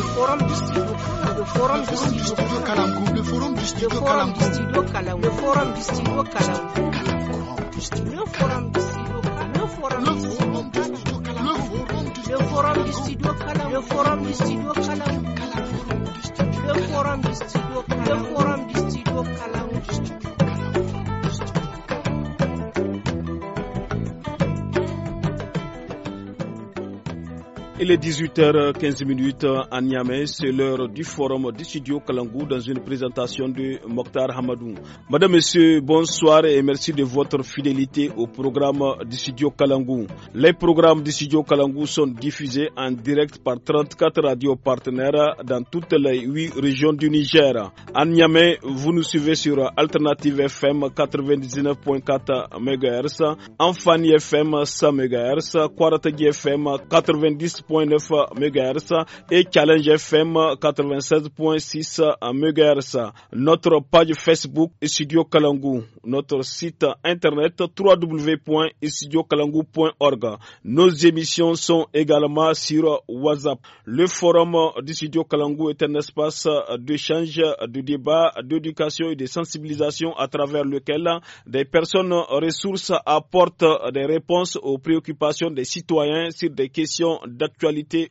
le forum du studio le forum le forum le forum le forum le forum le forum le forum le forum forum Il est 18h15 à Niamey, c'est l'heure du forum du studio Kalangou dans une présentation de Mokhtar Hamadou. Madame, Monsieur, bonsoir et merci de votre fidélité au programme du studio Kalangou. Les programmes du studio Kalangou sont diffusés en direct par 34 radios partenaires dans toutes les 8 régions du Niger. À Niamey, vous nous suivez sur Alternative FM 99.4 MHz, Enfani FM 100 MHz, Kwaratagi FM 90 89.9 MHz et Challenge FM 96.6 MHz. Notre page Facebook Studio Kalangu. Notre site internet www.studiokalangu.org. Nos émissions sont également sur WhatsApp. Le forum du Studio Kalangu est un espace d'échange, de débat, d'éducation et de sensibilisation à travers lequel des personnes ressources apportent des réponses aux préoccupations des citoyens sur des questions d'actualité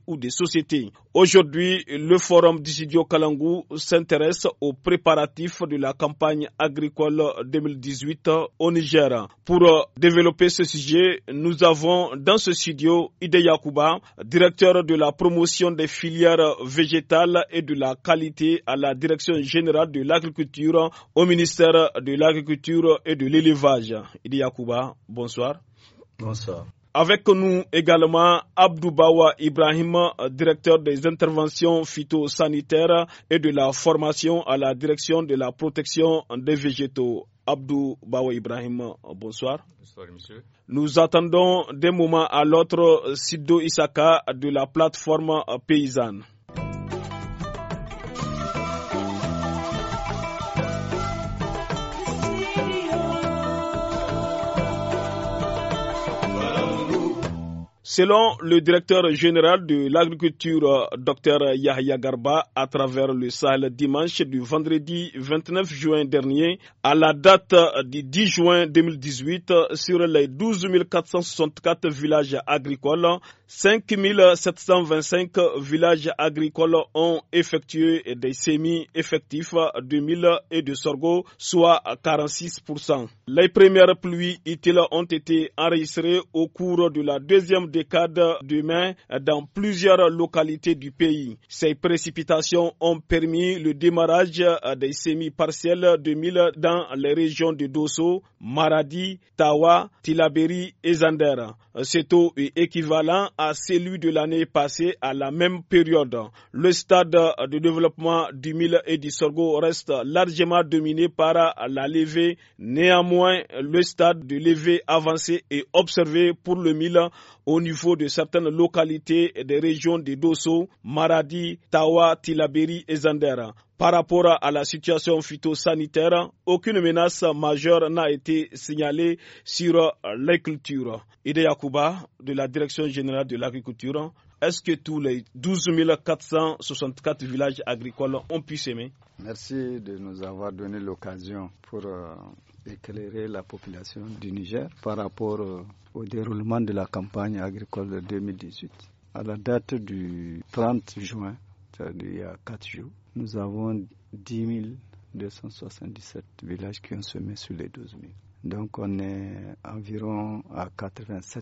ou des sociétés. Aujourd'hui, le forum studio Kalangou s'intéresse aux préparatifs de la campagne agricole 2018 au Niger. Pour euh, développer ce sujet, nous avons dans ce studio Ide Yakuba, directeur de la promotion des filières végétales et de la qualité à la direction générale de l'agriculture au ministère de l'agriculture et de l'élevage. Ide Yakuba, bonsoir. Bonsoir. Avec nous également Bawa Ibrahim, directeur des interventions phytosanitaires et de la formation à la direction de la protection des végétaux. Abdou Bawa Ibrahim, bonsoir. Bonsoir, monsieur. Nous attendons d'un moment à l'autre Sido Isaka de la plateforme paysanne. Selon le directeur général de l'agriculture, euh, Dr Yahya Garba, à travers le Sahel dimanche du vendredi 29 juin dernier, à la date euh, du 10 juin 2018, euh, sur les 12 464 villages agricoles, 5 725 villages agricoles ont effectué des semis effectifs de mil et de sorgho, soit 46%. Les premières pluies utiles ont été enregistrées au cours de la deuxième des de dans plusieurs localités du pays. Ces précipitations ont permis le démarrage des semi partiels de mille dans les régions de Dosso, Maradi, Tawa, Tilaberi et Zander. Ce taux est équivalent à celui de l'année passée à la même période. Le stade de développement du mille et du sorgho reste largement dominé par la levée. Néanmoins, le stade de levée avancé est observé pour le mille au niveau de certaines localités et des régions de Dosso, Maradi, Tawa, Tilaberi et Zandera. Par rapport à la situation phytosanitaire, aucune menace majeure n'a été signalée sur l'agriculture. cultures. Ide de la Direction générale de l'agriculture, est-ce que tous les 12 464 villages agricoles ont pu s'aimer Merci de nous avoir donné l'occasion pour euh, éclairer la population du Niger par rapport euh, au déroulement de la campagne agricole de 2018. À la date du 30 juin, c'est-à-dire il y a 4 jours, nous avons 10 277 villages qui ont semé sur les 12 000. Donc on est environ à 87%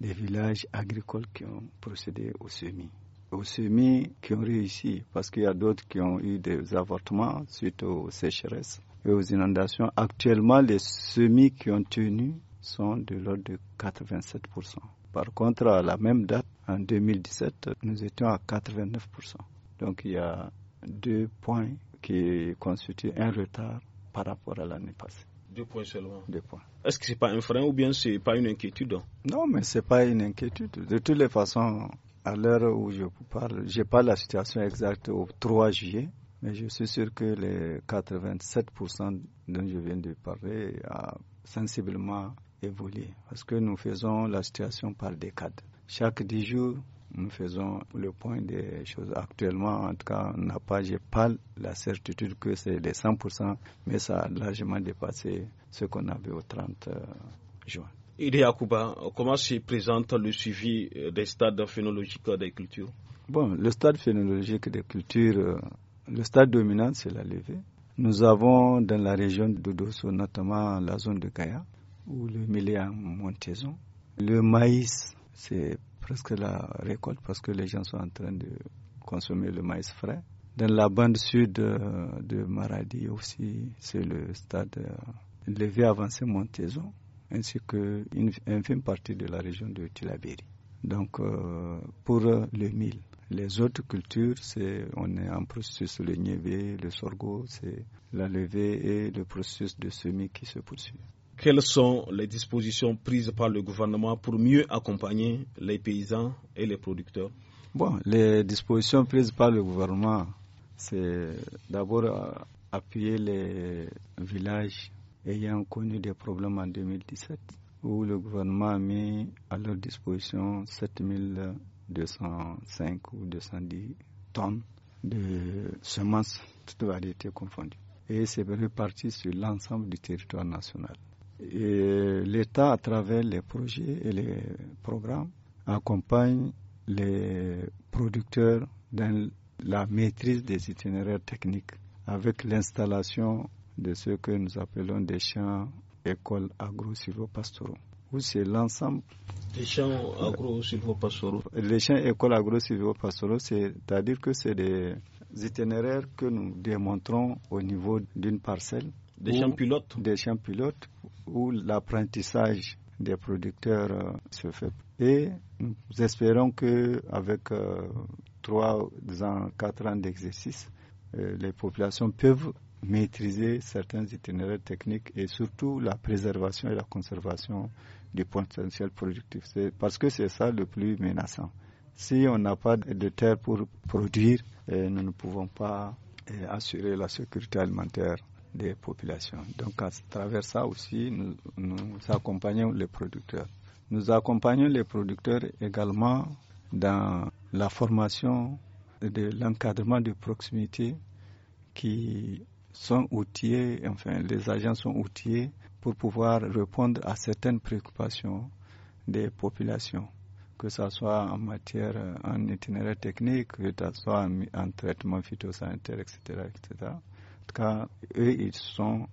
des villages agricoles qui ont procédé au semis aux semis qui ont réussi, parce qu'il y a d'autres qui ont eu des avortements suite aux sécheresses et aux inondations. Actuellement, les semis qui ont tenu sont de l'ordre de 87%. Par contre, à la même date, en 2017, nous étions à 89%. Donc il y a deux points qui constituent un retard par rapport à l'année passée. Deux points seulement. Deux points. Est-ce que ce n'est pas un frein ou bien ce n'est pas une inquiétude Non, mais ce n'est pas une inquiétude. De toutes les façons, à l'heure où je vous parle, je n'ai pas la situation exacte au 3 juillet, mais je suis sûr que les 87% dont je viens de parler a sensiblement évolué. Parce que nous faisons la situation par décade. Chaque 10 jours, nous faisons le point des choses. Actuellement, en tout cas, je n'a pas, pas la certitude que c'est les 100%, mais ça a largement dépassé ce qu'on avait au 30 euh, juin. Kouba, comment se présente le suivi euh, des stades phénologiques des cultures Bon, le stade phénologique des cultures, euh, le stade dominant, c'est la levée. Nous avons dans la région de Dosso, notamment la zone de Gaïa, où le millet en montaison. Le maïs, c'est presque la récolte parce que les gens sont en train de consommer le maïs frais. Dans la bande sud euh, de Maradi aussi, c'est le stade levé avancé montaison ainsi qu'une infime partie de la région de Tilaberi. Donc, euh, pour le mil, les autres cultures, c'est, on est en processus le niévé, le sorgho, c'est la levée et le processus de semis qui se poursuit. Quelles sont les dispositions prises par le gouvernement pour mieux accompagner les paysans et les producteurs Bon, les dispositions prises par le gouvernement, c'est d'abord euh, appuyer les villages ayant connu des problèmes en 2017 où le gouvernement a mis à leur disposition 7205 ou 210 tonnes de semences, toutes variétés confondues. Et c'est réparti sur l'ensemble du territoire national. Et l'État, à travers les projets et les programmes, accompagne les producteurs dans la maîtrise des itinéraires techniques avec l'installation de ce que nous appelons des champs écoles agro-silvopastoraux, où c'est l'ensemble. Des champs agro-silvopastoraux Les champs écoles agro-silvopastoraux, c'est-à-dire que c'est des itinéraires que nous démontrons au niveau d'une parcelle. Des champs pilotes Des champs pilotes où l'apprentissage des producteurs euh, se fait. Et nous espérons qu'avec avec 3 euh, ans, 4 ans d'exercice, euh, les populations peuvent maîtriser certains itinéraires techniques et surtout la préservation et la conservation du potentiel productif. parce que c'est ça le plus menaçant. Si on n'a pas de terre pour produire, eh, nous ne pouvons pas eh, assurer la sécurité alimentaire des populations. Donc à travers ça aussi, nous, nous accompagnons les producteurs. Nous accompagnons les producteurs également dans la formation de l'encadrement de proximité qui sont outillés, enfin les agents sont outillés pour pouvoir répondre à certaines préoccupations des populations, que ce soit en matière, euh, en itinéraire technique, que ce soit en, traitement phytosanitaire, etc., etc. En tout cas, eux, ils sont,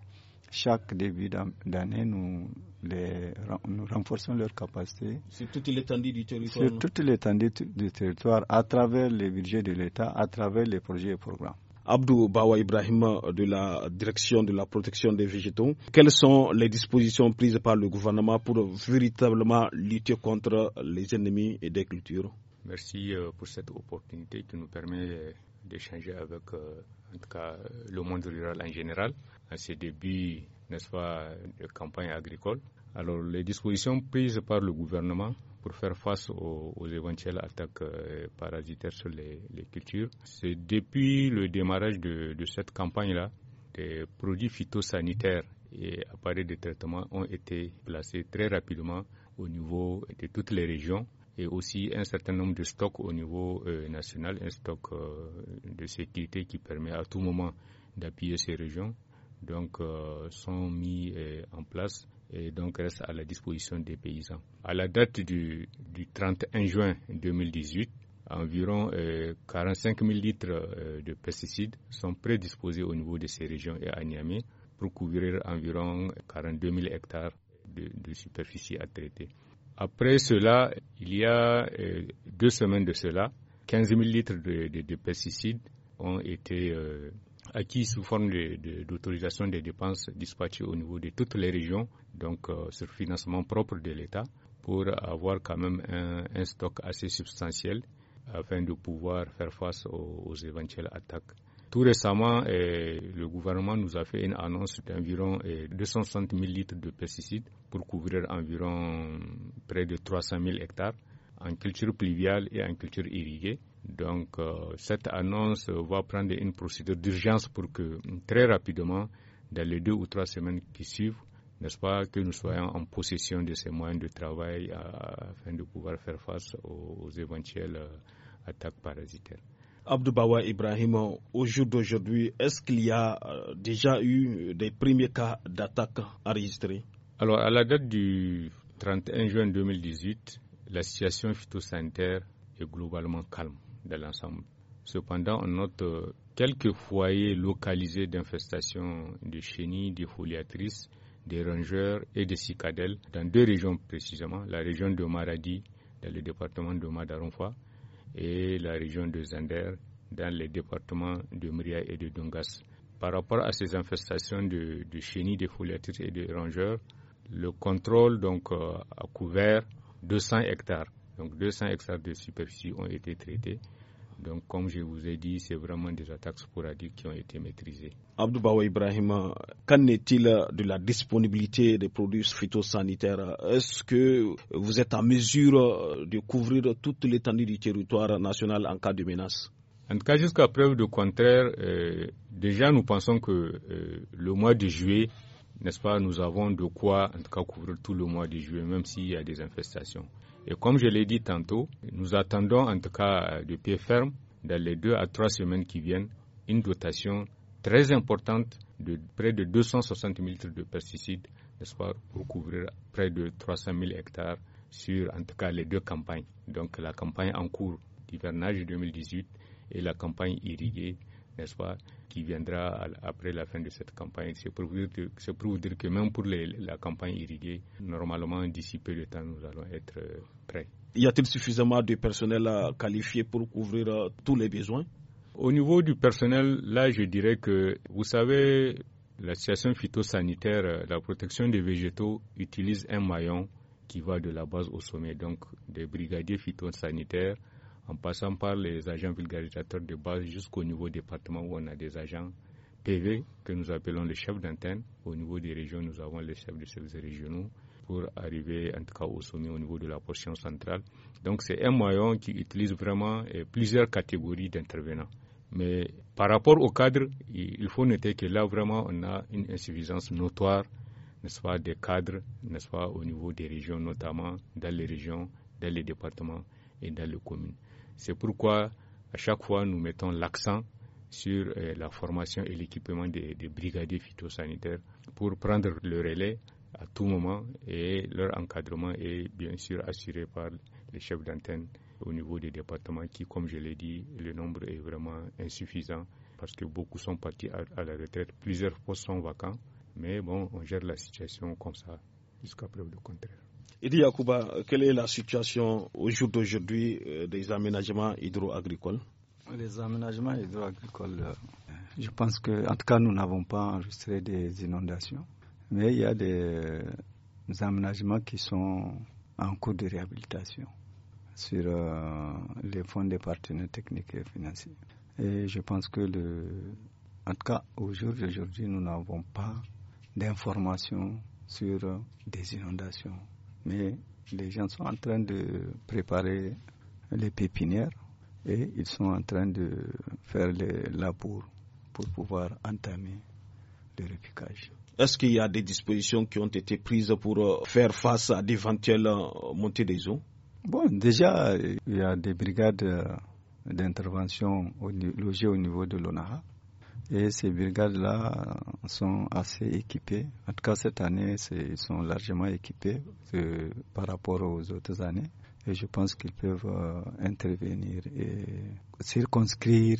chaque début d'année, nous, les, nous renforçons leurs capacités. Sur toute l'étendue du territoire Sur toute l'étendue du territoire, à travers les budgets de l'État, à travers les projets et programmes. Abdou Bawa Ibrahim de la direction de la protection des végétaux, quelles sont les dispositions prises par le gouvernement pour véritablement lutter contre les ennemis et des cultures Merci euh, pour cette opportunité qui nous permet euh, d'échanger avec euh, en tout cas, le monde rural en général à ses débuts, n'est-ce pas, de campagne agricole. Alors les dispositions prises par le gouvernement pour faire face aux, éventuelles attaques euh, parasitaires sur les, cultures. C'est depuis le démarrage de, cette campagne-là, des produits phytosanitaires et appareils de traitement ont été placés très rapidement au niveau de toutes les régions et aussi un certain nombre de stocks au niveau euh, national, un stock euh, de sécurité qui permet à tout moment d'appuyer ces régions, donc sont mis en place et donc reste à la disposition des paysans. À la date du, 31 juin 2018, environ 45 euh, 000 litres euh, de pesticides sont prédisposés au niveau de ces régions et à Niamey pour couvrir environ 42 000 hectares de, superficie à traiter. Après cela, il y a euh, deux semaines de cela, 15 000 litres de, de pesticides ont été acquis sous forme d'autorisation de, des dépenses dispatchées au niveau de toutes les régions, donc euh, sur financement propre de l'État, pour avoir quand même un, stock assez substantiel afin de pouvoir faire face aux, éventuelles attaques. Tout récemment, eh, le gouvernement nous a fait une annonce d'environ 260 eh, 000 litres de pesticides pour couvrir environ près de 300 000 hectares en culture pluviale et en culture irriguée. Donc, euh, cette annonce va prendre une procédure d'urgence pour que très rapidement, dans les deux ou trois semaines qui suivent, n'est-ce pas, que nous soyons en possession de ces moyens de travail euh, afin de pouvoir faire face aux, éventuelles euh, attaques parasitaires. Abdoubawa Ibrahim, au jour d'aujourd'hui, est-ce qu'il y a déjà eu des premiers cas d'attaque enregistrés Alors, à la date du 31 juin 2018, la situation phytosanitaire est globalement calme l'ensemble. Cependant, on note euh, quelques foyers localisés d'infestations de chenilles, de foliatrices, des rongeurs et de cicadelles dans deux régions précisément, la région de Maradi dans le département de Madaronfa et la région de Zander dans les départements de Mria et de Dongas. Par rapport à ces infestations de, chenilles, de foliatrices et de rongeurs, le contrôle donc euh, a couvert 200 hectares donc 200 hectares de superficie ont été traités. Donc, comme je vous ai dit, c'est vraiment des attaques sporadiques qui ont été maîtrisées. Abdoubawa Ibrahim, qu'en est-il de la disponibilité des produits phytosanitaires Est-ce que vous êtes en mesure de couvrir toute l'étendue du territoire national en cas de menace En tout cas, jusqu'à preuve de contraire, euh, déjà nous pensons que euh, le mois de juillet, n'est-ce pas, nous avons de quoi, en tout cas, couvrir tout le mois de juillet, même s'il y a des infestations. Et comme je l'ai dit tantôt, nous attendons en tout cas de pied ferme, dans les deux à trois semaines qui viennent, une dotation très importante de près de 260 000 litres de pesticides, n'est-ce pas, pour couvrir près de 300 000 hectares sur, en tout cas, les deux campagnes. Donc, la campagne en cours d'hivernage 2018 et la campagne irriguée n'est-ce pas, qui viendra après la fin de cette campagne. C'est pour, vous dire que même pour la campagne irriguée, normalement, d'ici peu de temps, nous allons être euh, prêts. Y a-t-il suffisamment de personnel qualifié pour couvrir euh, tous les besoins Au niveau du personnel, là, je dirais que, vous savez, la situation phytosanitaire, euh, la protection des végétaux utilise un maillon qui va de la base au sommet, donc des brigadiers phytosanitaires en passant par les agents vulgarisateurs de base jusqu'au niveau département où on a des agents PV que nous appelons les chefs d'antenne. Au niveau des régions, nous avons les chefs de services régionaux pour arriver en tout cas au sommet au niveau de la portion centrale. Donc c'est un moyen qui utilise vraiment euh, plusieurs catégories d'intervenants. Mais par rapport au cadre, il faut noter que là vraiment on a une insuffisance notoire, n'est-ce pas, des cadres, n'est-ce pas, au niveau des régions, notamment dans les régions, dans les départements et dans les communes. C'est pourquoi à chaque fois nous mettons l'accent sur euh, la formation et l'équipement des, brigadiers phytosanitaires pour prendre le relais à tout moment et leur encadrement est bien sûr assuré par les chefs d'antenne au niveau des départements qui, comme je l'ai dit, le nombre est vraiment insuffisant parce que beaucoup sont partis à, à la retraite, plusieurs postes sont vacants, mais bon, on gère la situation comme ça jusqu'à preuve du contraire. Edi Yakuba, quelle est la situation au jour d'aujourd'hui euh, des aménagements hydro-agricoles Les aménagements hydro-agricoles, euh, je pense que, en tout cas, nous n'avons pas enregistré des inondations, mais il y a des, aménagements qui sont en cours de réhabilitation sur euh, les fonds des partenaires techniques et financiers. Et je pense que, en tout cas, au jour d'aujourd'hui, nous n'avons pas d'informations sur des inondations mais les gens sont en train de préparer les pépinières et ils sont en train de faire les labours pour pouvoir entamer le répliquage. Est-ce qu'il y a des dispositions qui ont été prises pour euh, faire face à d'éventuelles euh, montées des eaux Bon, déjà, il y a des brigades euh, d'intervention logées au niveau de l'ONARA. Et ces brigades-là sont assez équipées. En tout cas, cette année, ils sont largement équipés euh, par rapport aux autres années. Et je pense qu'ils peuvent euh, intervenir et circonscrire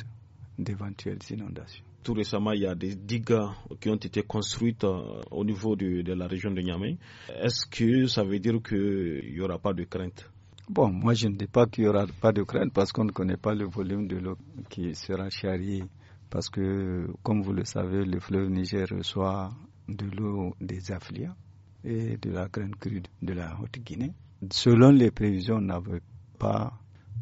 d'éventuelles inondations. Tout récemment, il y a des digues qui ont été construites euh, au niveau de, de, la région de Niamey. Est-ce que ça veut dire qu'il n'y aura pas de crainte Bon, moi je ne dis pas qu'il n'y aura pas de crainte parce qu'on ne connaît pas le volume de l'eau qui sera charriée parce que, comme vous le savez, le fleuve Niger reçoit de l'eau des affluents et de la graine crue de la Haute-Guinée. Selon les prévisions, on n'avait pas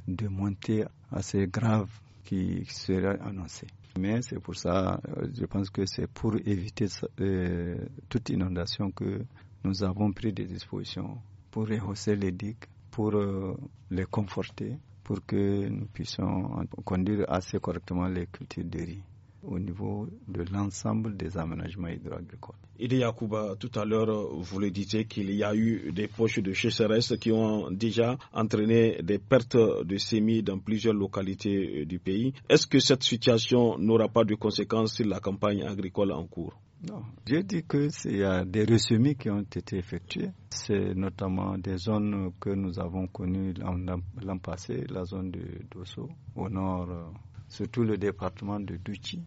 de montée assez grave qui serait annoncée. Mais c'est pour ça, euh, je pense que c'est pour éviter euh, toute inondation que nous avons pris des dispositions pour rehausser les digues, pour euh, les conforter, pour que nous puissions conduire assez correctement les cultures de riz au niveau de l'ensemble des aménagements hydroagricoles. Idi Yakuba, tout à l'heure, vous le disiez qu'il y a eu des poches de sécheresse qui ont déjà entraîné des pertes de semis dans plusieurs localités du pays. Est-ce que cette situation n'aura pas de conséquences sur la campagne agricole en cours non, j'ai dit qu'il y a des ressemis qui ont été effectués. C'est notamment des zones que nous avons connues l'an passé, la zone de Dosso, au nord, euh, surtout le département de Duchi.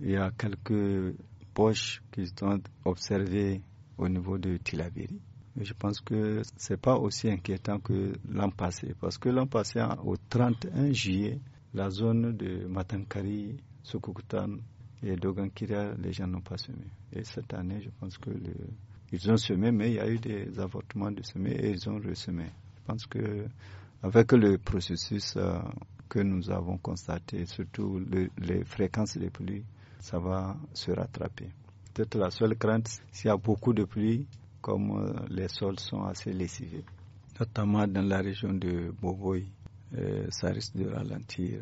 Il y a quelques poches qui sont observées au niveau de Tilabiri. Mais je pense que ce n'est pas aussi inquiétant que l'an passé, parce que l'an passé, au 31 juillet, la zone de Matankari, Sukukutan, et Kiria, les gens n'ont pas semé. Et cette année, je pense que le, ils ont semé, mais il y a eu des avortements de semé et ils ont ressemé. Je pense que avec le processus euh, que nous avons constaté, surtout les fréquences des pluies, ça va se rattraper. Peut-être la seule crainte, s'il y a beaucoup de pluie, comme euh, les sols sont assez lessivés, notamment dans la région de Boboy, euh, ça risque de ralentir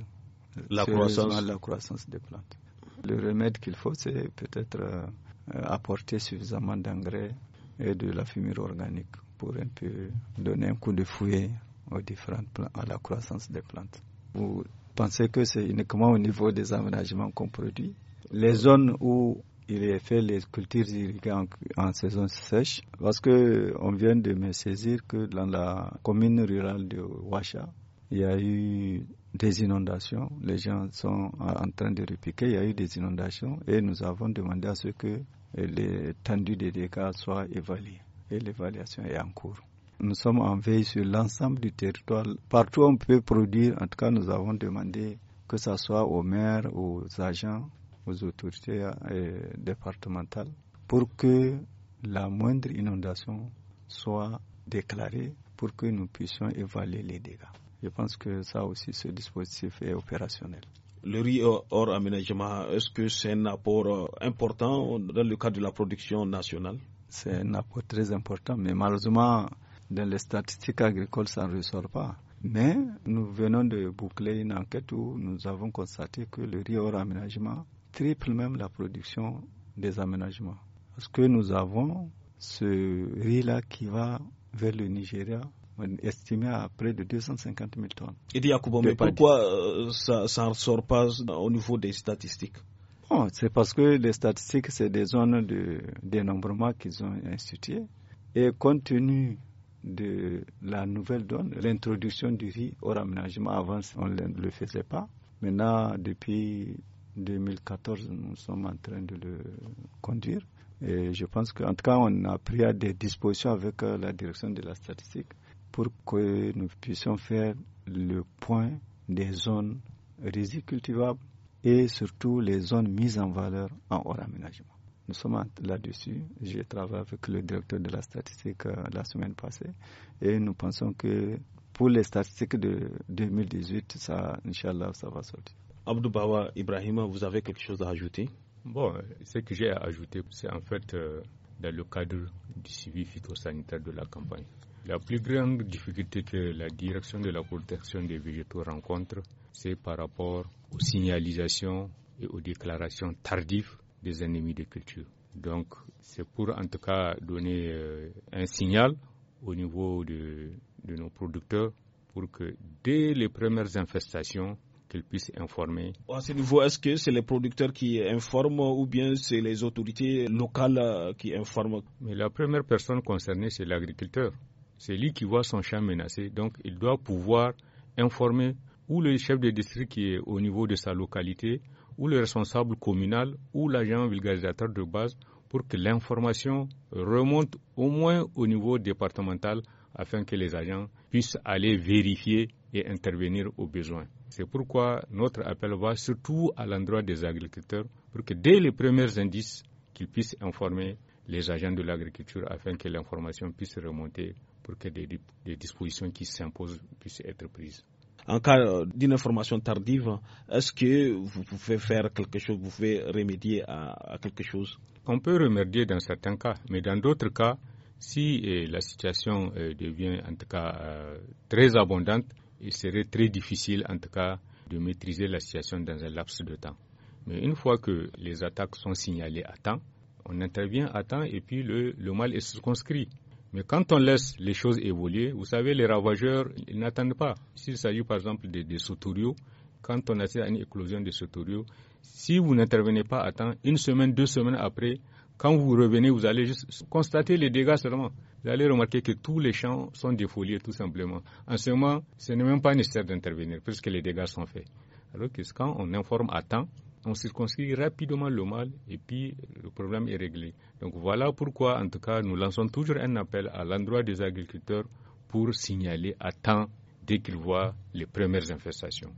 la croissance. la croissance des plantes. Le remède qu'il faut, c'est peut-être euh, apporter suffisamment d'engrais et de la fumure organique pour un peu donner un coup de fouet aux différentes à la croissance des plantes. Vous pensez que c'est uniquement au niveau des aménagements qu'on produit Les zones où il est fait les cultures irriguées en, saison sèche, parce que on vient de me saisir que dans la commune rurale de Ouacha, il y a eu des inondations. Les gens sont en train de répliquer. Il y a eu des inondations et nous avons demandé à ce que euh, l'étendue des dégâts soient évalués Et l'évaluation est en cours. Nous sommes en veille sur l'ensemble du territoire. Partout où on peut produire, en tout cas, nous avons demandé que ce soit aux maires, aux agents, aux autorités euh, départementales, pour que la moindre inondation soit déclarée, pour que nous puissions évaluer les dégâts je pense que ça aussi, ce dispositif est opérationnel. Le riz hors aménagement, est-ce que c'est un apport euh, important dans le cadre de la production nationale C'est un apport très important, mais malheureusement, dans les statistiques agricoles, ça ne ressort pas. Mais nous venons de boucler une enquête où nous avons constaté que le riz hors aménagement triple même la production des aménagements. Parce que nous avons ce riz-là qui va vers le Nigeria estimé à près de 250 000 tonnes. Et dit mais pourquoi euh, ça ne ressort pas au niveau des statistiques C'est parce que les statistiques, c'est des zones de dénombrement qu'ils ont instituées. Et compte tenu de la nouvelle donne, l'introduction du riz au raménagement, avant, on ne le faisait pas. Maintenant, depuis 2014, nous sommes en train de le conduire. Et je pense qu'en tout cas, on a pris des dispositions avec euh, la direction de la statistique pour que nous puissions faire le point des zones résidus cultivables et surtout les zones mises en valeur en hors aménagement. Nous sommes là-dessus. J'ai travaillé avec le directeur de la statistique euh, la semaine passée et nous pensons que pour les statistiques de 2018, ça, ça va sortir. Abdou Bawa Ibrahima, vous avez quelque chose à ajouter Bon, euh, ce que j'ai à ajouter, c'est en fait euh, dans le cadre du suivi phytosanitaire de la campagne. La plus grande difficulté que la direction de la protection des végétaux rencontre, c'est par rapport aux signalisations et aux déclarations tardives des ennemis de culture. Donc, c'est pour en tout cas donner euh, un signal au niveau de, de nos producteurs pour que dès les premières infestations, qu'ils puissent informer. À ce niveau, est-ce que c'est les producteurs qui informent ou bien c'est les autorités locales euh, qui informent Mais la première personne concernée, c'est l'agriculteur. C'est lui qui voit son champ menacé. Donc, il doit pouvoir informer ou le chef de district qui est au niveau de sa localité, ou le responsable communal, ou l'agent vulgarisateur de base, pour que l'information remonte au moins au niveau départemental afin que les agents puissent aller vérifier et intervenir au besoin. C'est pourquoi notre appel va surtout à l'endroit des agriculteurs pour que dès les premiers indices, qu'ils puissent informer les agents de l'agriculture afin que l'information puisse remonter pour que des, dispositions qui s'imposent puissent être prises. En cas euh, d'une information tardive, est-ce que vous pouvez faire quelque chose, vous pouvez remédier à, quelque chose On peut remédier dans certains cas, mais dans d'autres cas, si euh, la situation euh, devient en tout cas très abondante, il serait très difficile en tout cas de maîtriser la situation dans un laps de temps. Mais une fois que les attaques sont signalées à temps, on intervient à temps et puis le, le mal est circonscrit. Mais quand on laisse les choses évoluer, vous savez, les ravageurs, ils n'attendent pas. S'il s'agit par exemple des, des quand on assiste à une éclosion des sotoriaux, si vous n'intervenez pas à temps, une semaine, deux semaines après, quand vous revenez, vous allez juste constater les dégâts seulement. Vous allez remarquer que tous les champs sont défoliés tout simplement. En ce moment, ce n'est même pas nécessaire d'intervenir puisque les dégâts sont faits. Alors que quand on informe à temps, on circonscrit rapidement le mal et puis le problème est réglé. Donc voilà pourquoi, en tout cas, nous lançons toujours un appel à l'endroit des agriculteurs pour signaler à temps dès qu'ils voient les premières infestations.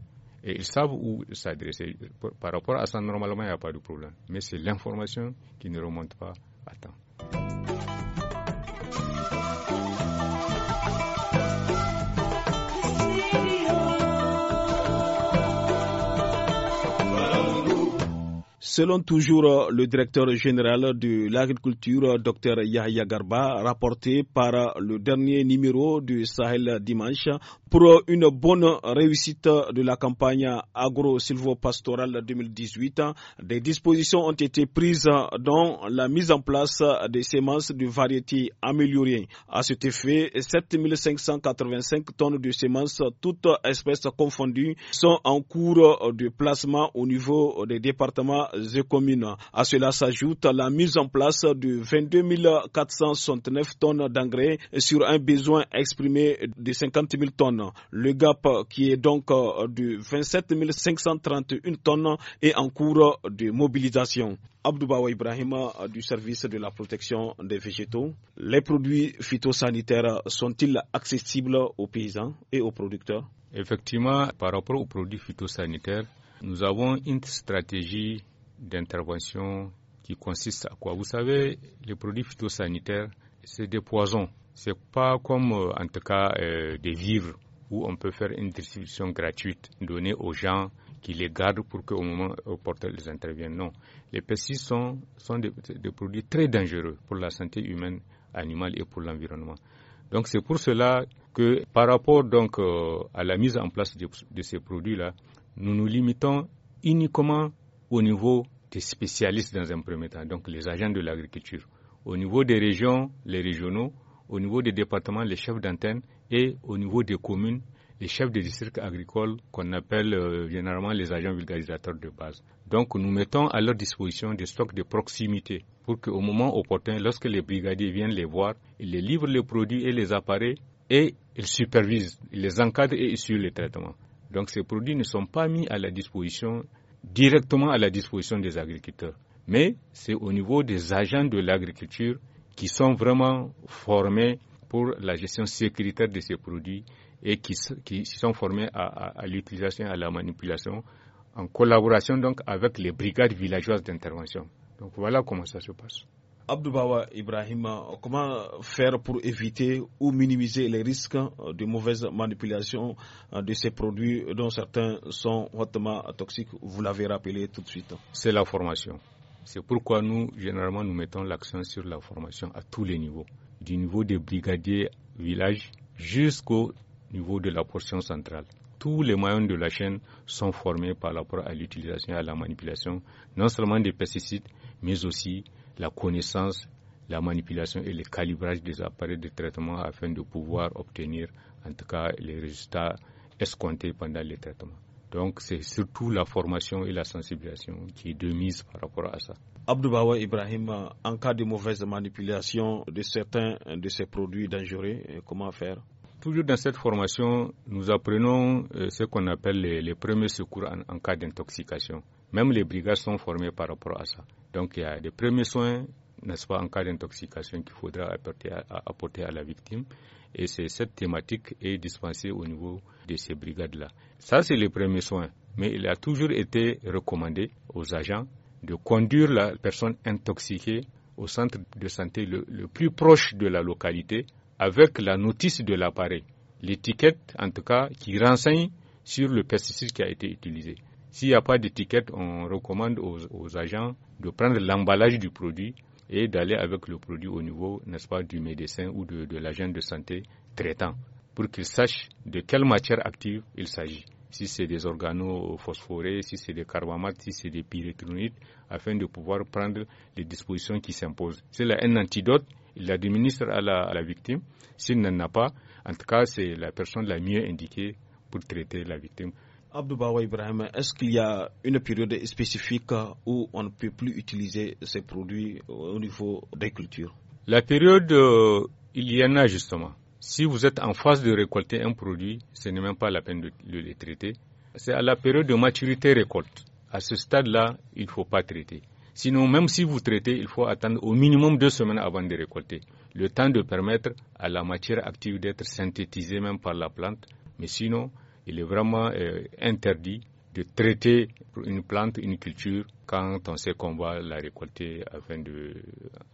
Et ils savent où s'adresser. Par rapport à ça, normalement, il n'y a pas de problème. Mais c'est l'information qui ne remonte pas à temps. Selon toujours euh, le directeur général de l'agriculture, Dr Yahya Garba, rapporté par euh, le dernier numéro du Sahel dimanche, pour euh, une bonne réussite de la campagne agro-silvopastorale 2018, des dispositions ont été prises dans la mise en place des semences de variétés améliorées. À cet effet, 7585 tonnes de semences, toutes espèces confondues, sont en cours de placement au niveau des départements et communes. À cela s'ajoute la mise en place de 22 469 tonnes d'engrais sur un besoin exprimé de 50 000 tonnes. Le gap qui est donc euh, de 27 531 tonnes est en cours de mobilisation. Abdoubawa Ibrahima euh, du service de la protection des végétaux. Les produits phytosanitaires sont-ils accessibles aux paysans et aux producteurs Effectivement, par rapport aux produits phytosanitaires, nous avons une stratégie d'intervention qui consiste à quoi Vous savez, les produits phytosanitaires, c'est des poisons. Ce n'est pas comme, euh, en tout cas, euh, des vivres où on peut faire une distribution gratuite, donnée aux gens qui les gardent pour qu'au moment opportun, ils interviennent. Non. Les pesticides sont, des, produits très dangereux pour la santé humaine, animale et pour l'environnement. Donc, c'est pour cela que, par rapport donc euh, à la mise en place de ces produits-là, nous nous limitons uniquement au niveau des spécialistes dans un premier temps, donc les agents de l'agriculture, au niveau des régions, les régionaux, au niveau des départements, les chefs d'antenne et au niveau des communes, les chefs de district agricoles qu'on appelle euh, généralement les agents vulgarisateurs de base. Donc nous mettons à leur disposition des stocks de proximité pour qu'au moment opportun, lorsque les brigadiers viennent les voir, ils les livrent les produits et les appareils et ils supervisent, ils les encadrent et ils suivent les traitements. Donc ces produits ne sont pas mis à la disposition directement à la disposition des agriculteurs. Mais c'est au niveau des agents de l'agriculture qui sont vraiment formés pour la gestion sécuritaire de ces produits et qui, sont formés à, à, à l'utilisation, à la manipulation, en collaboration donc avec les brigades villageoises d'intervention. Donc voilà comment ça se passe. Abdoubawa Ibrahim, comment faire pour éviter ou minimiser les risques euh, de mauvaise manipulation euh, de ces produits dont certains sont hautement toxiques Vous l'avez rappelé tout de suite. C'est la formation. C'est pourquoi nous, généralement, nous mettons l'accent sur la formation à tous les niveaux, du niveau des brigadiers village jusqu'au niveau de la portion centrale tous les moyens de la chaîne sont formés par rapport à l'utilisation et à la manipulation, non seulement des pesticides, mais aussi la connaissance, la manipulation et le calibrage des appareils de traitement afin de pouvoir obtenir en tout cas les résultats escomptés pendant les traitements. Donc c'est surtout la formation et la sensibilisation qui est de mise par rapport à ça. Abdoubawa Ibrahim, en cas de mauvaise manipulation de certains de ces produits dangereux, euh, comment faire Toujours dans cette formation, nous apprenons euh, ce qu'on appelle les, premiers secours en, en cas d'intoxication. Même les brigades sont formées par rapport à ça. Donc il y a des premiers soins, n'est-ce pas, en cas d'intoxication qu'il faudra apporter à, la victime. Et c'est cette thématique est dispensée au niveau de ces brigades-là. Ça, c'est les premiers soins. Mais il a toujours été recommandé aux agents de conduire la personne intoxiquée au centre de santé le plus proche de la localité avec la notice de l'appareil, l'étiquette en tout cas qui renseigne sur le pesticide qui a été utilisé. S'il n'y a pas d'étiquette, on recommande aux, agents de prendre l'emballage du produit et d'aller avec le produit au niveau, n'est-ce pas, du médecin ou de, l'agent de santé traitant pour qu'ils sachent de quelle matière active il s'agit. Si c'est des organophosphorés, si c'est des carbamates, si c'est des pyrétronites, afin de pouvoir prendre les dispositions qui s'imposent. C'est un antidote, il l'administre à la, à la victime. S'il n'en a pas, en tout cas, c'est la personne la mieux indiquée pour traiter la victime. Abdoubawa Ibrahim, est-ce qu'il y a une période spécifique où on ne peut plus utiliser ces produits euh, au niveau des cultures La période, euh, il y en a justement. Si vous êtes en phase de récolter un produit, ce n'est même pas la peine de, de le traiter. C'est à la période de maturité récolte. À ce stade-là, il ne faut pas traiter. Sinon, même si vous traitez, il faut attendre au minimum deux semaines avant de récolter. Le temps de permettre à la matière active d'être synthétisée même par la plante. Mais sinon, il est vraiment euh, interdit de traiter une plante, une culture, quand on sait qu'on va la récolter afin de,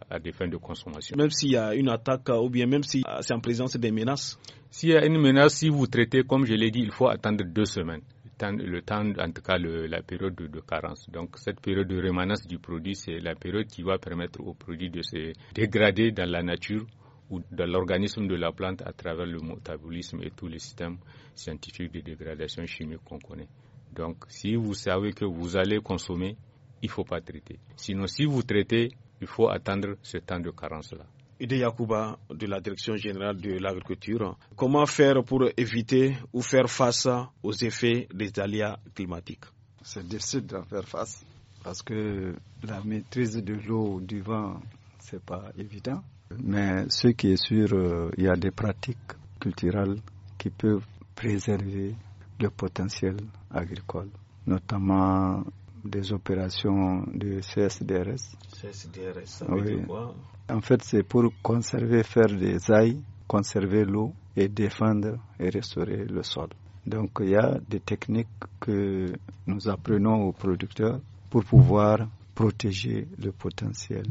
à des fins de consommation. Même s'il y a une attaque ou bien même si c'est en présence des menaces S'il y a une menace, si vous traitez, comme je l'ai dit, il faut attendre deux semaines. Le temps, en tout cas la période de, de, carence. Donc cette période de rémanence du produit, c'est la période qui va permettre au produit de se dégrader dans la nature ou de l'organisme de la plante à travers le métabolisme et tous les systèmes scientifiques de dégradation chimique qu'on connaît. Donc, si vous savez que vous allez consommer, il ne faut pas traiter. Sinon, si vous traitez, il faut attendre ce temps de carence-là. Ide Yakuba de la Direction générale de l'agriculture, comment faire pour éviter ou faire face aux effets des aléas climatiques C'est difficile d'en faire face parce que la maîtrise de l'eau, du vent, ce n'est pas évident. Mais ce qui est sûr, euh, il y a des pratiques culturelles qui peuvent préserver le potentiel agricole, notamment des opérations de CSDRS. CSDRS, ça veut dire quoi En fait, c'est pour conserver, faire des ailes, conserver l'eau et défendre et restaurer le sol. Donc, il y a des techniques que nous apprenons aux producteurs pour pouvoir protéger le potentiel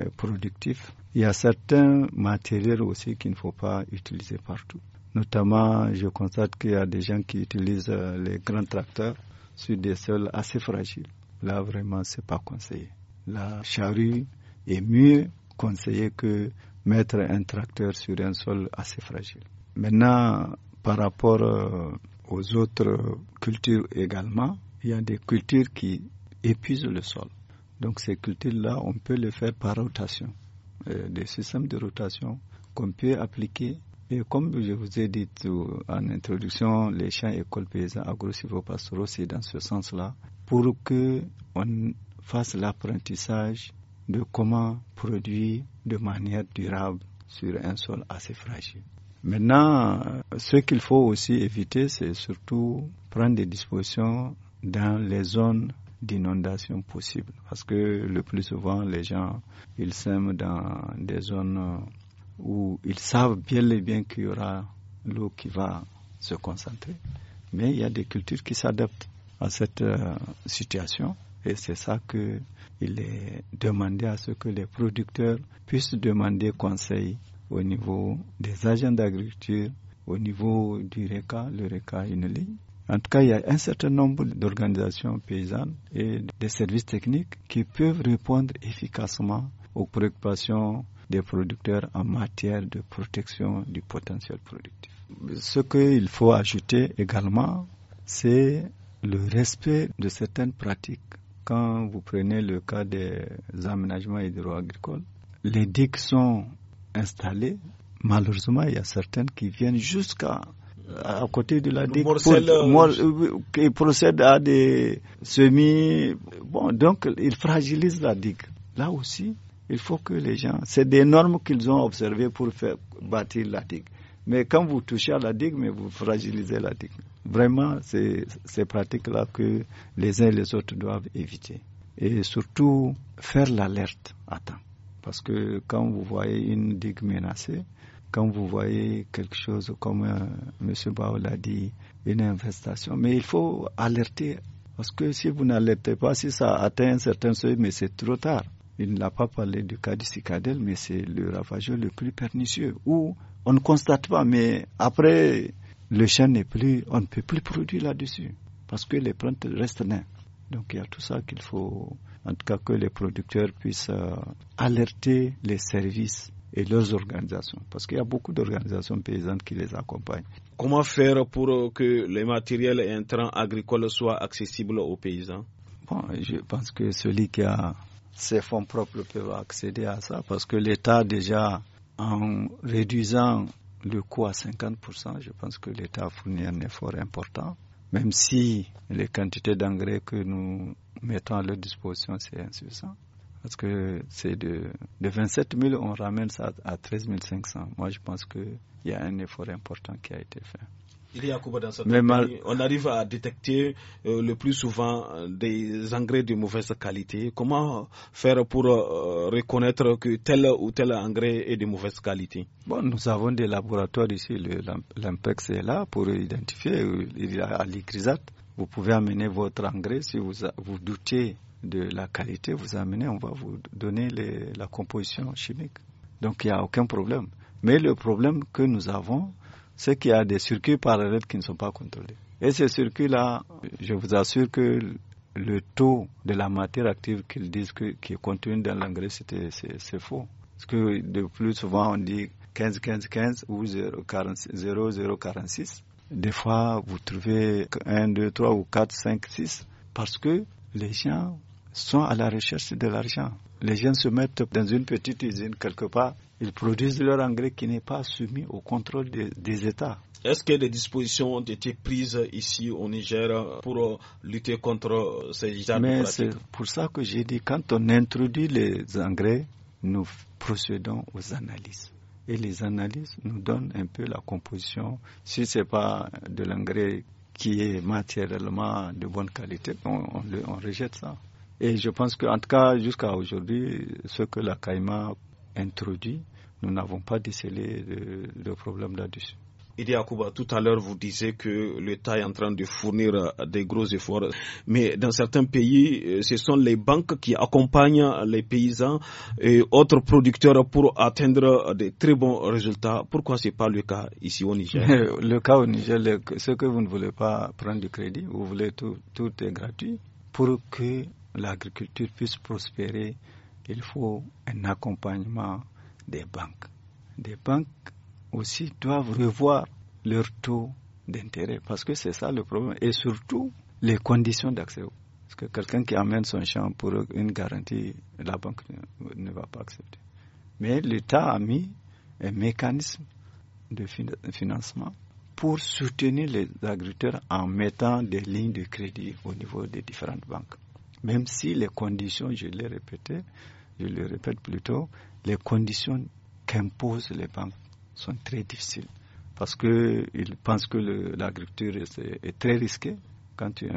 euh, productif. Il y a certains matériels aussi qu'il ne faut pas utiliser partout. Notamment, je constate qu'il y a des gens qui utilisent euh, les grands tracteurs sur des sols assez fragiles. Là, vraiment, c'est pas conseillé. La charrue est mieux conseillée que mettre un tracteur sur un sol assez fragile. Maintenant, par rapport euh, aux autres cultures également, il y a des cultures qui épuisent le sol. Donc ces cultures-là, on peut les faire par rotation, euh, des systèmes de rotation qu'on peut appliquer. Et comme je vous ai dit en introduction, les champs écoles paysans agro-silvopastoraux, c'est dans ce sens-là, pour que fasse l'apprentissage de comment produire de manière durable sur un sol assez fragile. Maintenant, ce qu'il faut aussi éviter, c'est surtout prendre des dispositions dans les zones d'inondation possible Parce que le plus souvent, les gens, ils s'aiment dans des zones euh, où ils savent bien les bien qu'il y aura l'eau qui va se concentrer. Mais il y a des cultures qui s'adaptent à cette euh, situation. Et c'est ça que il est demandé à ce que les producteurs puissent demander conseil au niveau des agents d'agriculture, au niveau du RECA, le RECA une ligne, en tout cas, il y a un certain nombre d'organisations paysannes et des services techniques qui peuvent répondre efficacement aux préoccupations des producteurs en matière de protection du potentiel productif. Ce qu'il faut ajouter également, c'est le respect de certaines pratiques. Quand vous prenez le cas des aménagements hydroagricoles, les digues sont installées. Malheureusement, il y a certaines qui viennent jusqu'à à côté de la digue, euh, euh, qui procède à des semis. Bon, donc ils fragilisent la digue. Là aussi, il faut que les gens, c'est des normes qu'ils ont observées pour faire bâtir la digue. Mais quand vous touchez à la digue, mais vous fragilisez la digue. Vraiment, c'est ces pratiques-là que les uns et les autres doivent éviter. Et surtout, faire l'alerte à temps. Parce que quand vous voyez une digue menacée, quand vous voyez quelque chose comme euh, Monsieur M. Bao l'a dit, une infestation. Mais il faut alerter, parce que si vous n'alertez pas, si ça atteint un certain seuil, mais c'est trop tard. Il n'a pas parlé du cas du cicadelle, mais c'est le ravageur le plus pernicieux, où on ne constate pas, mais après, le chien n'est plus, on ne peut plus produire là-dessus, parce que les plantes restent naines. Donc il y a tout ça qu'il faut, en tout cas que les producteurs puissent euh, alerter les services et leurs organisations, parce qu'il y a beaucoup d'organisations paysannes qui les accompagnent. Comment faire pour que les matériels et intrants agricoles soient accessibles aux paysans Bon, je pense que celui qui a ses fonds propres peut accéder à ça, parce que l'État déjà, en réduisant le coût à 50%, je pense que l'État fournit un effort important, même si les quantités d'engrais que nous mettons à leur disposition, c'est insuffisant. Parce que c'est de, 27 000, on ramène ça à 13 500. Moi, je pense qu'il y a un effort important qui a été fait. Il y a dans Mais On arrive à détecter euh, le plus souvent euh, des engrais de mauvaise qualité. Comment faire pour euh, reconnaître que tel ou tel engrais est de mauvaise qualité Bon, nous avons des laboratoires ici. L'IMPEX est là pour identifier. Il Vous pouvez amener votre engrais si vous, vous doutez de la qualité, vous amenez, on va vous donner la composition chimique. Donc il n'y a aucun problème. Mais le problème que nous avons, c'est qu'il y a des circuits parallèles qui ne sont pas contrôlés. Et ces circuits-là, je vous assure que le taux de la matière active qu'ils disent que, qui est contenu dans l'engrais, c'est faux. Parce que de plus souvent, on dit 15, 15, 15 ou 0, 0, 0, 46. Des fois, vous trouvez 1, 2, 3 ou 4, 5, 6. Parce que les gens sont à la recherche de l'argent. Les gens se mettent dans une petite usine quelque part, ils produisent leur engrais qui n'est pas soumis au contrôle des, États. Est-ce que des dispositions ont été prises ici au Niger pour euh, lutter contre ces genre Mais c'est pour ça que j'ai dit, quand on introduit les engrais, nous procédons aux analyses. Et les analyses nous donnent un peu la composition. Si ce n'est pas de l'engrais qui est matériellement de bonne qualité, on, on rejette ça. Et je pense qu'en tout cas, jusqu'à aujourd'hui, ce que la CAIMA introduit, nous n'avons pas décelé de, problème là-dessus. Idia tout à l'heure, vous disiez que l'État est en train de fournir euh, des gros efforts. Mais dans certains pays, euh, ce sont les banques qui accompagnent les paysans et autres producteurs pour atteindre euh, des très bons résultats. Pourquoi ce n'est pas le cas ici au Niger Le cas au Niger, ce que vous ne voulez pas prendre du crédit, vous voulez tout, tout est gratuit pour que l'agriculture puisse prospérer, il faut un accompagnement des banques. Des banques aussi doivent revoir leur taux d'intérêt parce que c'est ça le problème et surtout les conditions d'accès. Parce que quelqu'un qui amène son champ pour une garantie, la banque ne, ne va pas accepter. Mais l'État a mis un mécanisme de financement pour soutenir les agriculteurs en mettant des lignes de crédit au niveau des différentes banques même si les conditions, je l'ai répété, je le répète plutôt, les conditions qu'imposent les banques sont très difficiles parce qu'ils pensent que l'agriculture est, très risquée. Quand tu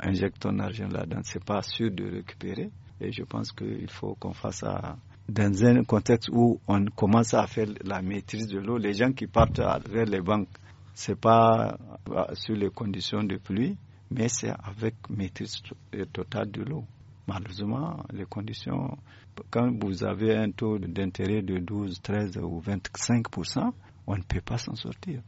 injectes ton argent là-dedans, ce n'est pas sûr de récupérer. Et je pense qu'il faut qu'on fasse ça dans un contexte où on commence à faire la maîtrise de l'eau. Les gens qui partent vers les banques, ce n'est pas euh, sur les conditions de pluie, mais c'est avec maîtrise totale de l'eau. Malheureusement, les conditions, quand vous avez un taux d'intérêt de 12, 13 ou 25 on ne peut pas s'en sortir.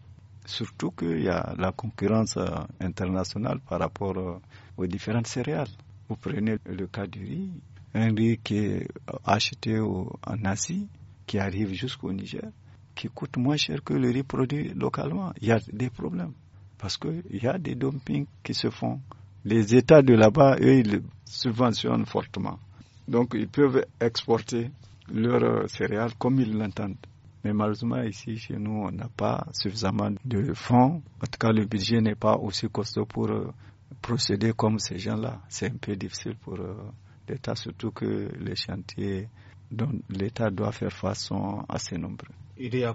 Surtout qu'il y a la concurrence euh, internationale par rapport euh, aux différentes céréales. Vous prenez le cas du riz, un riz qui est euh, acheté en Asie, qui arrive jusqu'au Niger, qui coûte moins cher que le riz produit localement. Il y a des problèmes. Parce qu'il y a des dumpings qui se font. Les États de là-bas, eux, ils subventionnent fortement. Donc, ils peuvent exporter leurs euh, céréales comme ils l'entendent. Mais malheureusement, ici, chez nous, on n'a pas suffisamment de fonds. En tout cas, le budget n'est pas aussi costaud pour euh, procéder comme ces gens-là. C'est un peu difficile pour euh, l'État, surtout que les chantiers dont l'État doit faire face sont assez nombreux. Idéa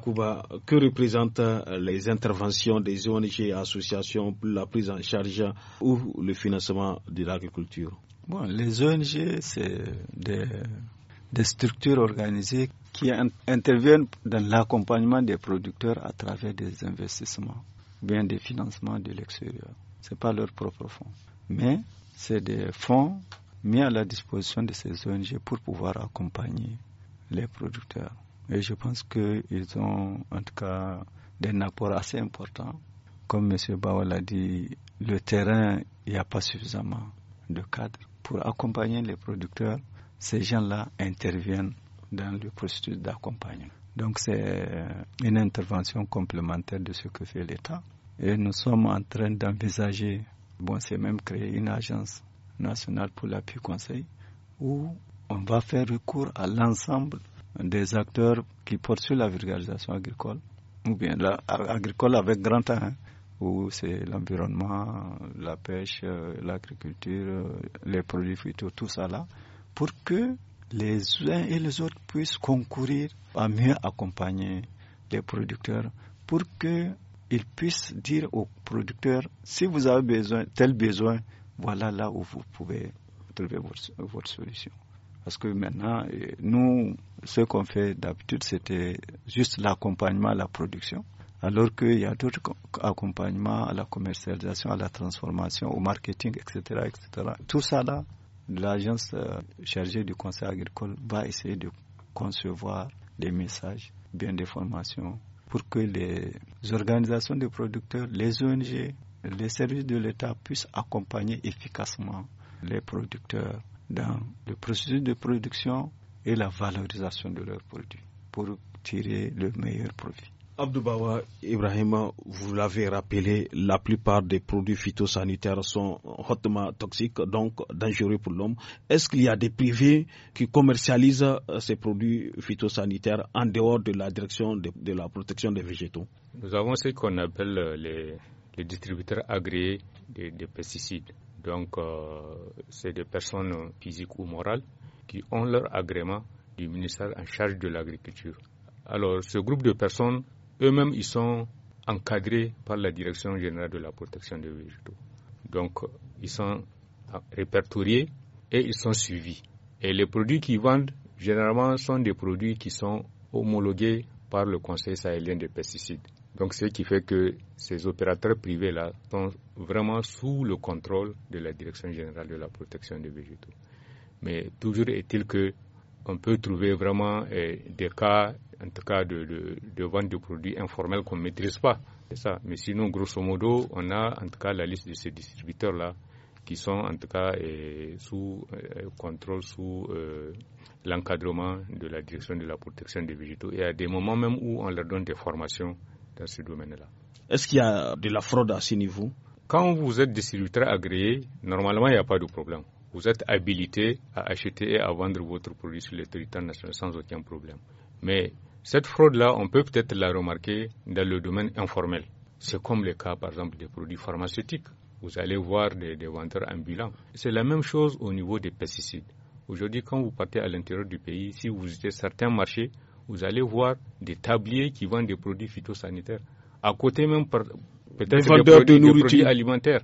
que représentent euh, les interventions des ONG et associations pour la prise en charge ou le financement de l'agriculture Les ONG, c'est des, des, structures organisées qui interviennent dans l'accompagnement des producteurs à travers des investissements, bien des financements de l'extérieur. Ce n'est pas leur propre fonds. Mais c'est des fonds mis à la disposition de ces ONG pour pouvoir accompagner les producteurs. Et je pense qu'ils ont en tout cas des apport assez importants. Comme M. Bawal a dit, le terrain, il n'y a pas suffisamment de cadres pour accompagner les producteurs. Ces gens-là interviennent dans le processus d'accompagnement. Donc c'est euh, une intervention complémentaire de ce que fait l'État. Et nous sommes en train d'envisager, bon, c'est même créer une agence nationale pour l'appui conseil où on va faire recours à l'ensemble des acteurs qui poursuivent la vulgarisation agricole, ou bien l'agricole avec grand A, hein, où c'est l'environnement, la pêche, euh, l'agriculture, euh, les produits futurs, tout ça là, pour que les uns et les autres puissent concourir à mieux accompagner les producteurs, pour qu'ils puissent dire aux producteurs, si vous avez besoin, tel besoin, voilà là où vous pouvez trouver votre solution. Parce que maintenant, nous, ce qu'on fait d'habitude, c'était juste l'accompagnement à la production, alors qu'il y a d'autres accompagnements à la commercialisation, à la transformation, au marketing, etc. etc. Tout ça là, l'agence euh, chargée du conseil agricole va essayer de concevoir des messages, bien des formations, pour que les organisations de producteurs, les ONG, les services de l'État puissent accompagner efficacement les producteurs dans le processus de production et la valorisation de leurs produits pour tirer le meilleur profit. Abdoubawa Ibrahim, vous l'avez rappelé, la plupart des produits phytosanitaires sont hautement toxiques, donc dangereux pour l'homme. Est-ce qu'il y a des privés qui commercialisent euh, ces produits phytosanitaires en dehors de la direction de, la protection des végétaux Nous avons ce qu'on appelle euh, les, distributeurs agréés des pesticides. Donc, euh, c'est des personnes physiques ou morales qui ont leur agrément du ministère en charge de l'agriculture. Alors, ce groupe de personnes, eux-mêmes, ils sont encadrés par la Direction générale de la protection des végétaux. Donc, ils sont répertoriés et ils sont suivis. Et les produits qu'ils vendent, généralement, sont des produits qui sont homologués par le Conseil sahélien des pesticides. Donc, ce qui fait que ces opérateurs privés-là sont vraiment sous le contrôle de la Direction générale de la protection des végétaux. Mais toujours est-il que on peut trouver vraiment eh, des cas, en tout cas, de, vente de produits informels qu'on ne maîtrise pas. ça. Mais sinon, grosso modo, on a en tout cas la liste de ces distributeurs-là qui sont en tout cas eh, sous eh, contrôle, sous euh, l'encadrement de la direction de la protection des végétaux. Et à des moments même où on leur donne des formations dans ce domaine-là. Est-ce qu'il y a de la fraude à ce niveau Quand vous êtes distributeur agréé, normalement, il n'y a pas de problème. Vous êtes habilité à acheter et à vendre votre produit sur le territoire national sans aucun problème. Mais cette fraude-là, on peut peut-être la remarquer dans le domaine informel. C'est comme le cas, par exemple, des produits pharmaceutiques. Vous allez voir des, des vendeurs ambulants. C'est la même chose au niveau des pesticides. Aujourd'hui, quand vous partez à l'intérieur du pays, si vous visitez certains marchés, vous allez voir des tabliers qui vendent des produits phytosanitaires. À côté même, peut-être des, produits alimentaires.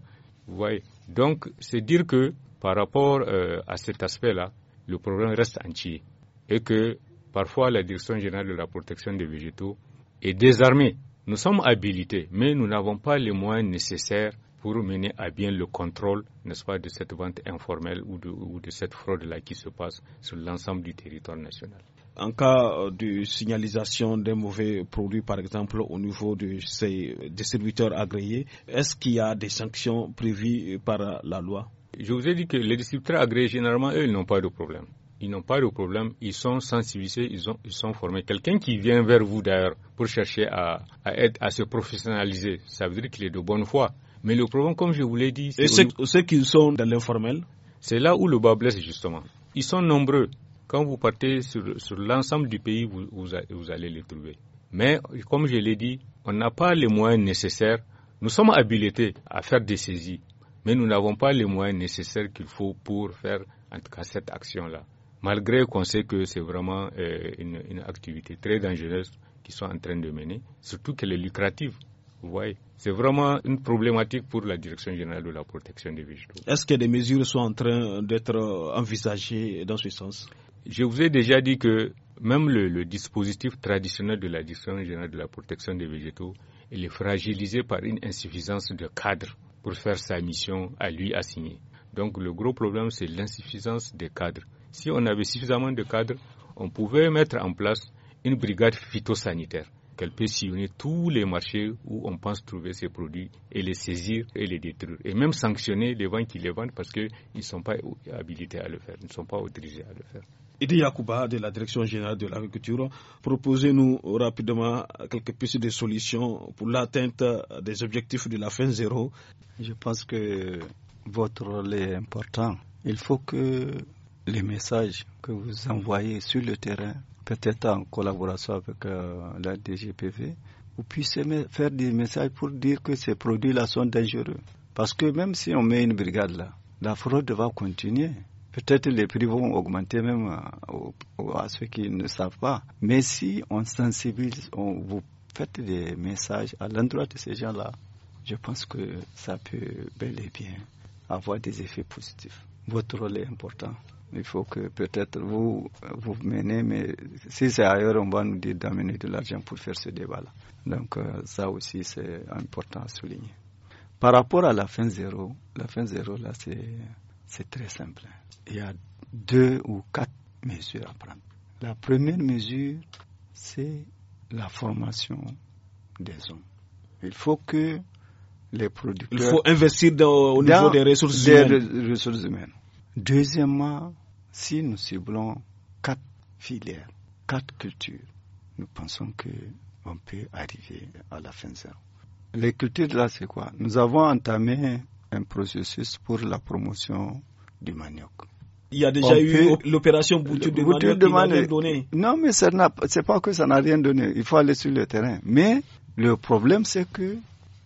Vous voyez. Donc, c'est dire que par rapport euh, à cet aspect-là, le problème reste entier. Et que parfois, la Direction générale de la protection des végétaux est désarmée. Nous sommes habilités, mais nous n'avons pas les moyens nécessaires pour mener à bien le contrôle, n'est-ce pas, de cette vente informelle ou de cette fraude-là qui se passe sur l'ensemble du territoire national en cas euh, de signalisation d'un mauvais produit, par exemple, au niveau de ces distributeurs agréés, est-ce qu'il y a des sanctions prévues par la loi Je vous ai dit que les distributeurs agréés, généralement, eux, ils n'ont pas de problème. Ils n'ont pas de problème, ils sont sensibilisés, ils, ils sont formés. Quelqu'un qui vient vers vous, d'ailleurs, pour chercher à, à se professionnaliser, ça veut dire qu'il est de bonne foi. Mais le problème, comme je vous l'ai dit... Et ceux, ceux qui sont dans l'informel C'est là où le bas blesse, justement. Ils sont nombreux. Quand vous partez sur, l'ensemble du pays, vous, allez les trouver. Mais, comme je l'ai dit, on n'a pas les moyens nécessaires. Nous sommes habilités à faire des saisies, mais nous n'avons pas les moyens nécessaires qu'il faut pour faire, en cette action-là. Malgré qu'on sait que c'est vraiment euh, une, une activité très dangereuse qu'ils sont en train de mener, surtout qu'elle est lucrative. Vous voyez, c'est vraiment une problématique pour la Direction générale de la protection des végétaux. Est-ce que des mesures sont en train d'être envisagées dans ce sens je vous ai déjà dit que même le, dispositif traditionnel de la Direction générale de la protection des végétaux, est fragilisé par une insuffisance de cadres pour faire sa mission à lui assignée. Donc le gros problème, c'est l'insuffisance des cadres. Si on avait suffisamment de cadres, on pouvait mettre en place une brigade phytosanitaire qu'elle peut sillonner tous les marchés où on pense trouver ces produits et les saisir et les détruire. Et même sanctionner les ventes qui les vendent parce qu'ils ne sont pas habilités à le faire, ils ne sont pas autorisés à le faire. Idi Yakuba de la Direction générale de l'agriculture, proposez-nous rapidement quelques pistes de solutions pour l'atteinte des objectifs de la fin zéro. Je pense que votre rôle est important. Il faut que les messages que vous envoyez sur le terrain, peut-être en collaboration avec euh, la DGPV, vous puissiez faire des messages pour dire que ces produits-là sont dangereux. Parce que même si on met une brigade là, la fraude va continuer. Peut-être les prix vont augmenter même euh, à, ceux qui ne savent pas. Mais si on sensibilise, on, vous faites des messages à l'endroit de ces gens-là, je pense que ça peut bel et bien avoir des effets positifs. Votre rôle est important. Il faut que peut-être vous vous menez, mais si c'est ailleurs, on va nous dire d'amener de l'argent pour faire ce débat-là. Donc euh, ça aussi, c'est important à souligner. Par rapport à la fin zéro, la fin zéro, là, c'est c'est très simple. Il y a deux ou quatre mesures à prendre. La première mesure, c'est la formation des hommes. Il faut que les producteurs. Il faut investir au niveau des, ressources, humaines. ressources humaines. Deuxièmement, si nous ciblons quatre filières, quatre cultures, nous pensons que on peut arriver à la fin zéro. Les cultures là, c'est quoi Nous avons entamé un processus pour la promotion du manioc. Il y a déjà eu l'opération bouture de manioc, de manioc. donné. Non, mais ce n'est pas que ça n'a rien donné. Il faut aller sur le terrain. Mais le problème, c'est que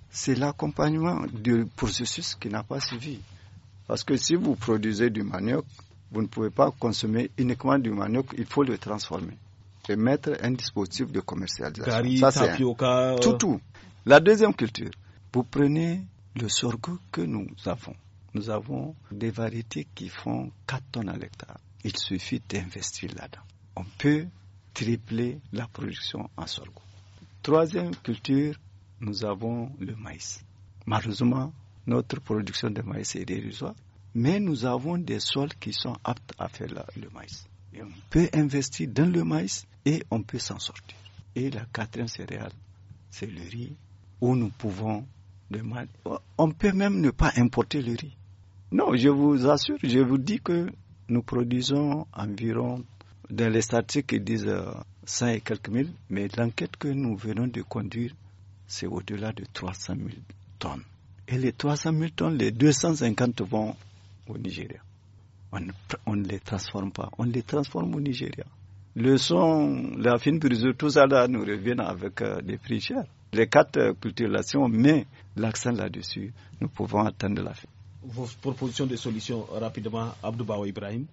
c'est l'accompagnement du processus qui n'a pas suivi. Parce que si vous produisez du manioc, vous ne pouvez pas consommer uniquement du manioc, il faut le transformer et mettre un dispositif de commercialisation. Ça, tapioca, euh. Tout, tout. La deuxième culture, vous prenez le sorgho que nous avons. Nous avons des variétés qui font 4 tonnes à l'hectare. Il suffit d'investir là-dedans. On peut tripler la production en sorgho. Troisième culture, nous avons le maïs. Malheureusement, notre production de maïs est dérisoire, mais nous avons des sols qui sont aptes à faire le maïs. on peut investir dans le maïs et on peut s'en sortir. Et la quatrième céréale, c'est le riz, où nous pouvons on peut même ne pas importer le riz. Non, je vous assure, je vous dis que nous produisons environ, dans les statistiques, ils disent 100 euh, et quelques mille, mais l'enquête que nous venons de conduire, c'est au-delà de 300 000 tonnes. Et les 300 000 tonnes, les 250 vont au Nigeria. On, ne les transforme pas, on les transforme au Nigeria. Le son, la fine brise, tout ça là nous revient avec euh, des prix chers les quatre euh, cultures mais l'accent là-dessus, nous pouvons atteindre la fin. Vos propositions de solutions rapidement, Abdoubaou Ibrahim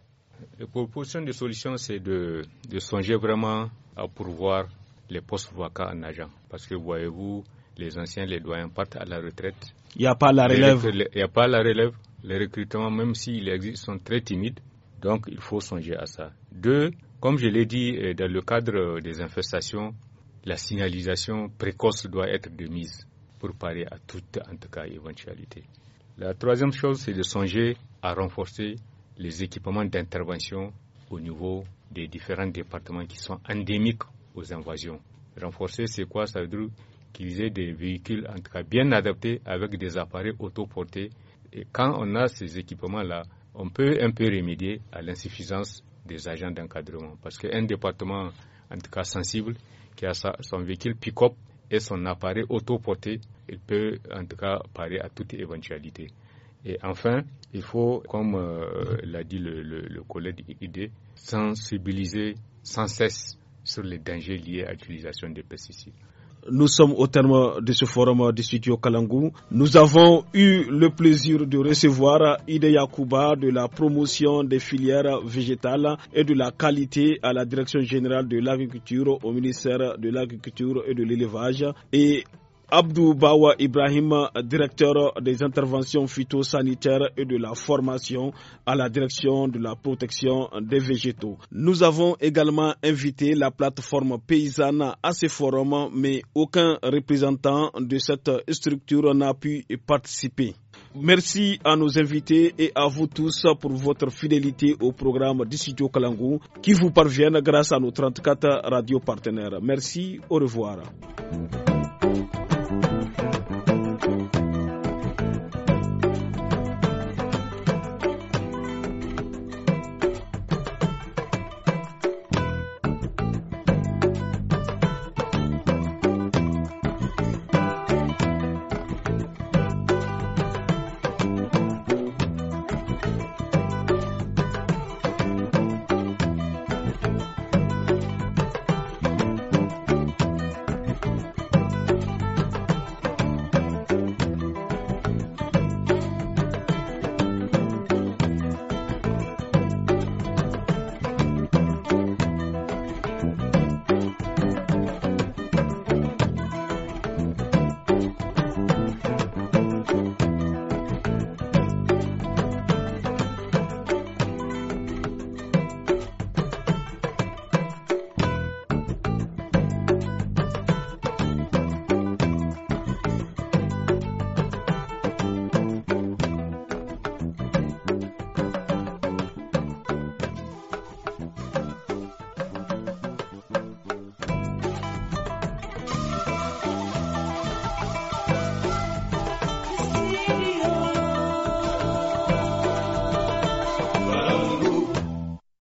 Les propositions de solutions, c'est de, songer vraiment à pourvoir les postes vacants en agent. Parce que voyez-vous, les anciens, les doyens partent à la retraite. Il n'y a pas la relève. Il n'y a pas la relève. Les recrutements, même s'ils existent, sont très timides. Donc, il faut songer à ça. Deux, comme je l'ai dit, euh, dans le cadre euh, des infestations, la signalisation précoce doit être de mise pour parer à toute, en tout cas, éventualité. La troisième chose, c'est de songer à renforcer les équipements d'intervention au niveau des différents départements qui sont endémiques aux invasions. Renforcer, c'est quoi Ça veut dire qu'ils aient des véhicules, en tout cas, bien adaptés avec des appareils autoportés. Et quand on a ces équipements-là, on peut un peu remédier à l'insuffisance des agents d'encadrement. Parce qu'un département, en tout cas sensible, qui a son véhicule pick-up et son appareil autoporté. Il peut en tout cas parer à toute éventualité. Et enfin, il faut, comme euh, l'a dit le, le collègue ID, sensibiliser sans cesse sur les dangers liés à l'utilisation des pesticides. Nous sommes au terme de ce forum d'Institut studio Kalangou. Nous avons eu le plaisir de recevoir Ide Yakuba de la promotion des filières végétales et de la qualité à la direction générale de l'agriculture au ministère de l'agriculture et de l'élevage et Abdou Bawa Ibrahim, directeur des interventions phytosanitaires et de la formation à la direction de la protection des végétaux. Nous avons également invité la plateforme paysanne à ce forum, mais aucun représentant de cette structure n'a pu y participer. Merci à nos invités et à vous tous pour votre fidélité au programme du studio Kalangou qui vous parvient grâce à nos 34 radios partenaires. Merci, au revoir.